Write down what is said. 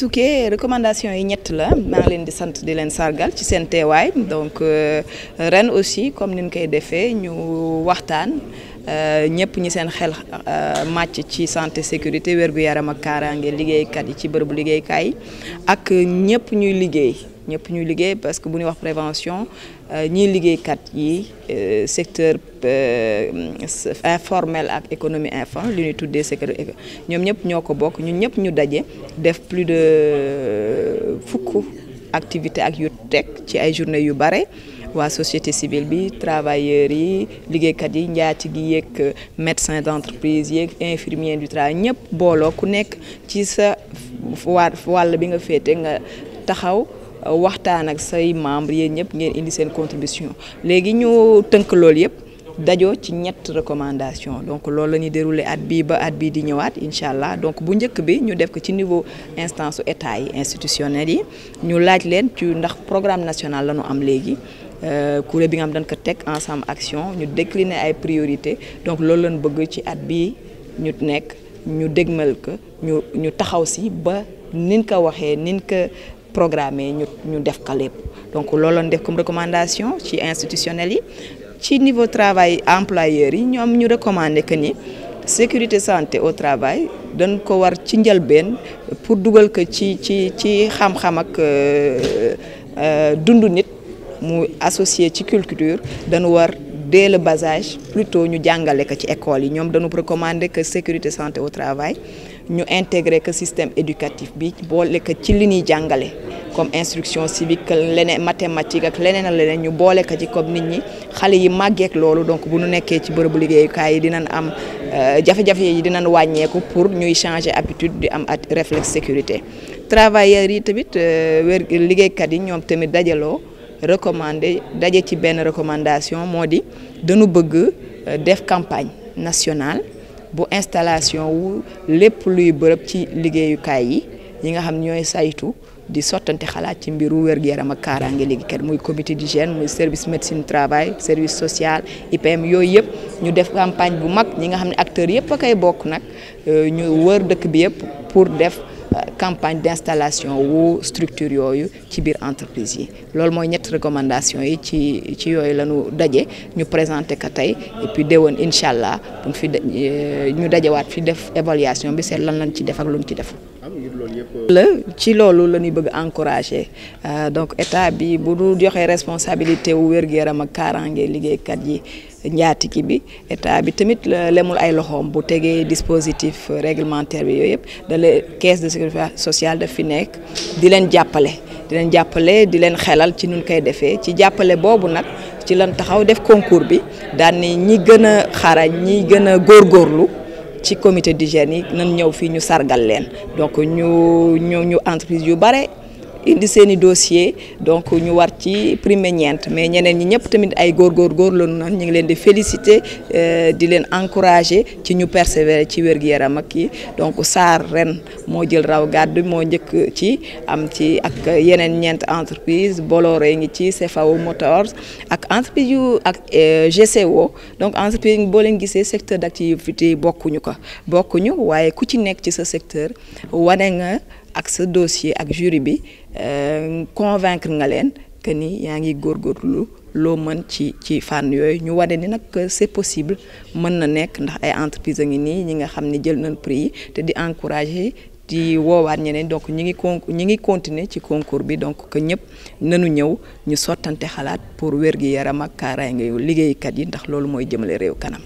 Touké recommandation yi ñett la maa leen di sant di leen sargal ci seen teewaay donc euh, ren aussi comme nin koy defee ñu waxtaan. Euh, ñëpp ñi seen xel euh, màcc ci santé sécurité wér-gu-yaram ak kaaraange liggéeykat yi ci bërëbu liggéeykaay yi ak ñëpp ñuy liggéey ñëpp ñuy liggéey parce que bu ñuy wax prévention euh, ñiy liggéeykat yi secteur informel ak économie informelle li ñuy tuddee secteur ñoom ñëpp ñoo ko bokk ñu ñëpp ñu daje def plus de fukk activité ak yu teg ci ay journée yu bare waa société civile bi travailleurs yi liggéeykat yi njaatigi yeeg médecin d'entreprise yeeg infirmier du travail ñëpp booloo ku nekk ci sa wàll bi nga féete nga taxaw euh, waxtaan ak say membres yéen ñëpp ngeen indi seen contribution léegi ñu tënk loolu yëpp dajoo ci ñett recommandation donc loolu la ñuy déroulé at bii ba at bii di ñëwaat incha allah donc bu njëkk bi ñu def ko ci niveau instance état yi institutionnel yi ñu laaj leen ci ndax programme national la ñu am léegi Euh, kuréel bi nga xam dañ ko teg ensemble action ñu décliner ay priorité donc loolu lañ bëgg ci at bi ñu nekk ñu dégmal ko ñu ñu taxaw si ba nin ko waxee nin ko programme ñu ñu def ko lépp donc loolu lañ def comme recommandation ci institutionnels yi ci niveau travail employeurs yi ñoom ñu recommandé que ni sécurité santé au travail dañ ko war ci njëlbeen pour dugal ko ci ci ci xam-xam ak euh, euh, dundu nit. mu associé ci culture dañu war dès le bas âge ñu jàngale ko ci école yi ñoom dañu recommander que sécurité santé au travail ñu intégrer que système éducatif bi boole ko ci li ñuy jàngale comme instruction civique leneen mathématique ak leneen ak leneen ñu boole ko ci comme nit ñi xale yi màggeek loolu donc bu nu nekkee ci bërëbu liggéeyukaay yi dinañ am euh, jafe-jafe yi dinañ wàññeeku pour ñuy changé habitude di am at reflex sécurité travailleurs yi tamit euh, wér liggéeykat yi ñoom tamit dajaloo. recommandé daje ci benn recommandation moo di dañu bëgg euh, def campagne national bu installation wu lépp luy bërëb ci liggéeyukaay yi ñi nga xam ñooy saytu di sottante xalaat ci mbiru wér-gu-yaram ak kaaraange liggéeykat muy comité gène muy service médecine travail service social IPM yooyu yëpp ñu def campagne bu mag ñi nga xam ne acteur yëpp a koy bokk nag euh, ñu wër dëkk bi yëpp pour def campagne d'installation wu structure yooyu ci biir entreprise yi loolu mooy ñetti recommandation yi ci ci yooyu la ñu daje ñu présenté ko tey et puis déwoon incha allah bu fi euh, ñu dajewaat fi def évaluation bi seet lan lañ ci def ak lu ci def Euh, la ci loolu la ñuy bëgg encourager euh, donc état bi bu du joxee responsabilité wu wér yaram ak kaaraange liggéeykat yi njaatiki bi état bi tamit lemul ay loxoom bu tegee dispositif réglementaire bi yooyu yëpp da la caisse de sécurité sociale daf fi nekk di leen jàppale di leen jàppale di leen xelal ci nun koy defee ci jàppale boobu nag ci lan taxaw def concours bi daan ñi gën a xarañ ñi gën a góorlu ci comité d'hygiène yi nan ñëw fii ñu sargal leen donc ñu ñu ñu entreprise yu bare indi seeni dossier donc ñu war ci primaire ñeent mais ñeneen ñi ñëpp tamit ay góor góor góor la ñu ngi leen di féliciter euh, di leen encourager ci ñu persévérer ci wér gu yaram ak yi donc SAR ren moo jël raw gàdd moo njëkk ci am ci ak yeneen ñeent entreprise Bolloré ngi ci CFAO Motors ak entreprise yu ak euh, GCO donc entreprise boo leen gisee secteur d'activité bokkuñu ko bokkuñu waaye ku ci nekk ci sa secteur wane nga ak sa dossier ak jury bi euh, convaincre nga leen que ni yaa ngi góorgóorlu loo mën ci ci fànn yooyu ñu wane ni nag euh, c'est possible mën na nekk ndax ay entreprise a ngi nii ñi nga xam ni jël nañ prix yi te di encourager di woowaat ñeneen donc ñi ngi con ñi ngi continuer ci concours bi donc que ñëpp nanu ñëw ñu sottante xalaat pour wér gi yaram ak kaaraangeyu liggéeykat yi ndax loolu mooy jëmale réew kanam.